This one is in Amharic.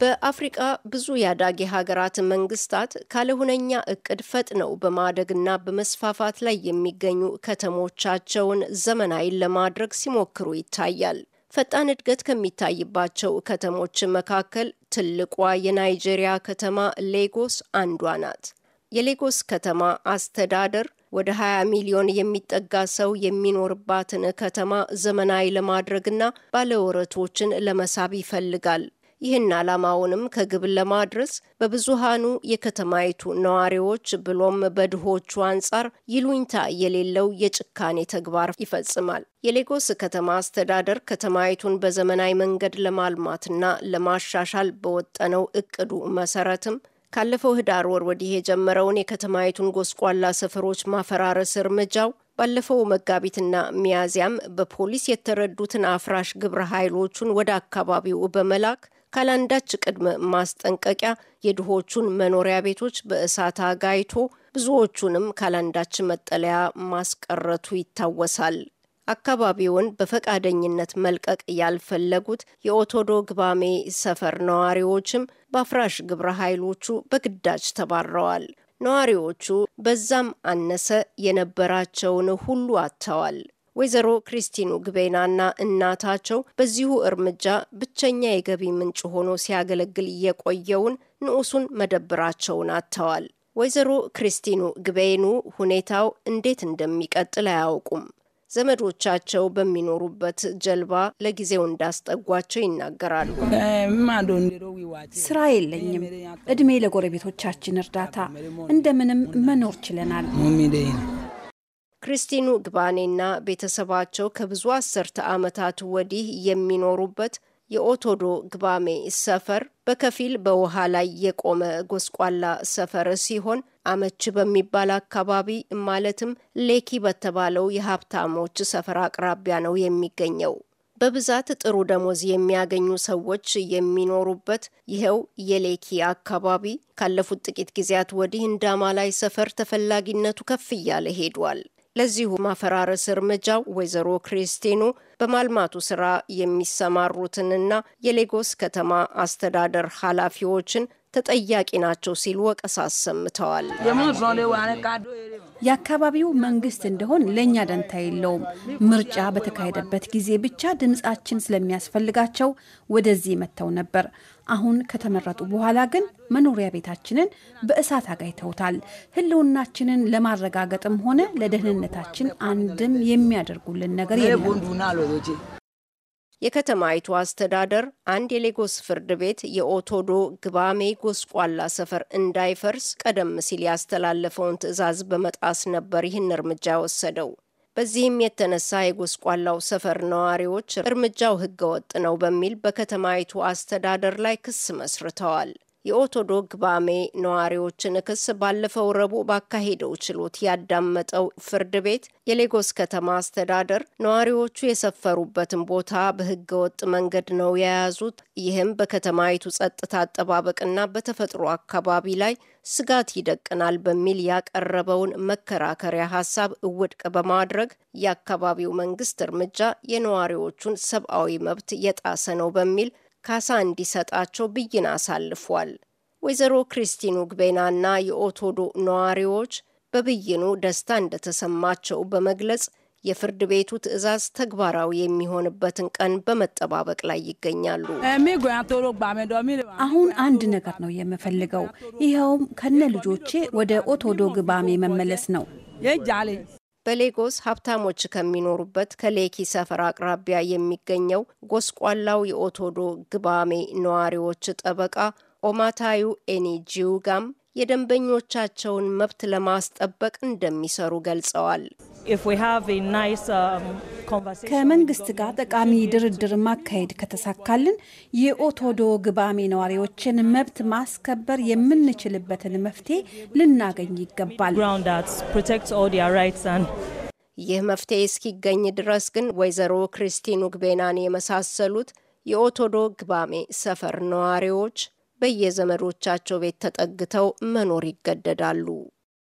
በአፍሪቃ ብዙ ያዳጊ ሀገራት መንግስታት ካለሁነኛ እቅድ ፈጥነው በማደግና በመስፋፋት ላይ የሚገኙ ከተሞቻቸውን ዘመናዊ ለማድረግ ሲሞክሩ ይታያል። ፈጣን እድገት ከሚታይባቸው ከተሞች መካከል ትልቋ የናይጄሪያ ከተማ ሌጎስ አንዷ ናት። የሌጎስ ከተማ አስተዳደር ወደ 20 ሚሊዮን የሚጠጋ ሰው የሚኖርባትን ከተማ ዘመናዊ ለማድረግና ባለወረቶችን ለመሳብ ይፈልጋል። ይህን ዓላማውንም ከግብ ለማድረስ በብዙሃኑ የከተማይቱ ነዋሪዎች ብሎም በድሆቹ አንጻር ይሉኝታ የሌለው የጭካኔ ተግባር ይፈጽማል። የሌጎስ ከተማ አስተዳደር ከተማይቱን በዘመናዊ መንገድ ለማልማትና ለማሻሻል በወጠነው እቅዱ መሰረትም ካለፈው ህዳር ወር ወዲህ የጀመረውን የከተማይቱን ጎስቋላ ሰፈሮች ማፈራረስ እርምጃው ባለፈው መጋቢትና ሚያዚያም በፖሊስ የተረዱትን አፍራሽ ግብረ ኃይሎቹን ወደ አካባቢው በመላክ ካላንዳች ቅድመ ማስጠንቀቂያ የድሆቹን መኖሪያ ቤቶች በእሳት አጋይቶ ብዙዎቹንም ካላንዳች መጠለያ ማስቀረቱ ይታወሳል። አካባቢውን በፈቃደኝነት መልቀቅ ያልፈለጉት የኦቶዶ ግባሜ ሰፈር ነዋሪዎችም በአፍራሽ ግብረ ኃይሎቹ በግዳጅ ተባረዋል። ነዋሪዎቹ በዛም አነሰ የነበራቸውን ሁሉ አጥተዋል። ወይዘሮ ክሪስቲኑ ግቤናና እናታቸው በዚሁ እርምጃ ብቸኛ የገቢ ምንጭ ሆኖ ሲያገለግል የቆየውን ንዑሱን መደብራቸውን አጥተዋል። ወይዘሮ ክሪስቲኑ ግቤኑ ሁኔታው እንዴት እንደሚቀጥል አያውቁም። ዘመዶቻቸው በሚኖሩበት ጀልባ ለጊዜው እንዳስጠጓቸው ይናገራሉ። ስራ የለኝም። እድሜ ለጎረቤቶቻችን እርዳታ እንደምንም መኖር ችለናል። ክርስቲኑ ግባኔና ቤተሰባቸው ከብዙ አስርተ ዓመታት ወዲህ የሚኖሩበት የኦቶዶ ግባሜ ሰፈር በከፊል በውሃ ላይ የቆመ ጎስቋላ ሰፈር ሲሆን አመች በሚባል አካባቢ ማለትም ሌኪ በተባለው የሀብታሞች ሰፈር አቅራቢያ ነው የሚገኘው። በብዛት ጥሩ ደሞዝ የሚያገኙ ሰዎች የሚኖሩበት ይኸው የሌኪ አካባቢ ካለፉት ጥቂት ጊዜያት ወዲህ እንዳማላይ ሰፈር ተፈላጊነቱ ከፍ እያለ ሄዷል። ለዚሁ ማፈራረስ እርምጃው ወይዘሮ ክሪስቲኑ በማልማቱ ስራ የሚሰማሩትንና የሌጎስ ከተማ አስተዳደር ኃላፊዎችን ተጠያቂ ናቸው ሲል ወቀሳ አሰምተዋል። የአካባቢው መንግስት እንደሆን ለእኛ ደንታ የለውም። ምርጫ በተካሄደበት ጊዜ ብቻ ድምፃችን ስለሚያስፈልጋቸው ወደዚህ መጥተው ነበር። አሁን ከተመረጡ በኋላ ግን መኖሪያ ቤታችንን በእሳት አጋይተውታል። ሕልውናችንን ለማረጋገጥም ሆነ ለደህንነታችን አንድም የሚያደርጉልን ነገር የለም። የከተማይቱ አስተዳደር አንድ የሌጎስ ፍርድ ቤት የኦቶዶ ግባሜ ጎስቋላ ሰፈር እንዳይፈርስ ቀደም ሲል ያስተላለፈውን ትዕዛዝ በመጣስ ነበር ይህን እርምጃ ወሰደው። በዚህም የተነሳ የጎስቋላው ሰፈር ነዋሪዎች እርምጃው ሕገወጥ ነው በሚል በከተማይቱ አስተዳደር ላይ ክስ መስርተዋል። የኦቶዶግ ባሜ ነዋሪዎችን ክስ ባለፈው ረቡዕ ባካሄደው ችሎት ያዳመጠው ፍርድ ቤት የሌጎስ ከተማ አስተዳደር ነዋሪዎቹ የሰፈሩበትን ቦታ በህገወጥ መንገድ ነው የያዙት፣ ይህም በከተማይቱ ጸጥታ አጠባበቅና በተፈጥሮ አካባቢ ላይ ስጋት ይደቅናል በሚል ያቀረበውን መከራከሪያ ሀሳብ ውድቅ በማድረግ የአካባቢው መንግስት እርምጃ የነዋሪዎቹን ሰብአዊ መብት የጣሰ ነው በሚል ካሳ እንዲሰጣቸው ብይን አሳልፏል። ወይዘሮ ክሪስቲን ውግቤናና የኦቶዶ ነዋሪዎች በብይኑ ደስታ እንደተሰማቸው በመግለጽ የፍርድ ቤቱ ትዕዛዝ ተግባራዊ የሚሆንበትን ቀን በመጠባበቅ ላይ ይገኛሉ። አሁን አንድ ነገር ነው የምፈልገው፣ ይኸውም ከነ ልጆቼ ወደ ኦቶዶ ግባሜ መመለስ ነው። በሌጎስ ሀብታሞች ከሚኖሩበት ከሌኪ ሰፈር አቅራቢያ የሚገኘው ጎስቋላው የኦቶዶ ግባሜ ነዋሪዎች ጠበቃ ኦማታዩ ኤኒጂው ጋም የደንበኞቻቸውን መብት ለማስጠበቅ እንደሚሰሩ ገልጸዋል። ከመንግስት ጋር ጠቃሚ ድርድር ማካሄድ ከተሳካልን የኦቶዶ ግባሜ ነዋሪዎችን መብት ማስከበር የምንችልበትን መፍትሄ ልናገኝ ይገባል። ይህ መፍትሄ እስኪገኝ ድረስ ግን ወይዘሮ ክሪስቲን ውግቤናን የመሳሰሉት የኦቶዶ ግባሜ ሰፈር ነዋሪዎች በየዘመዶቻቸው ቤት ተጠግተው መኖር ይገደዳሉ።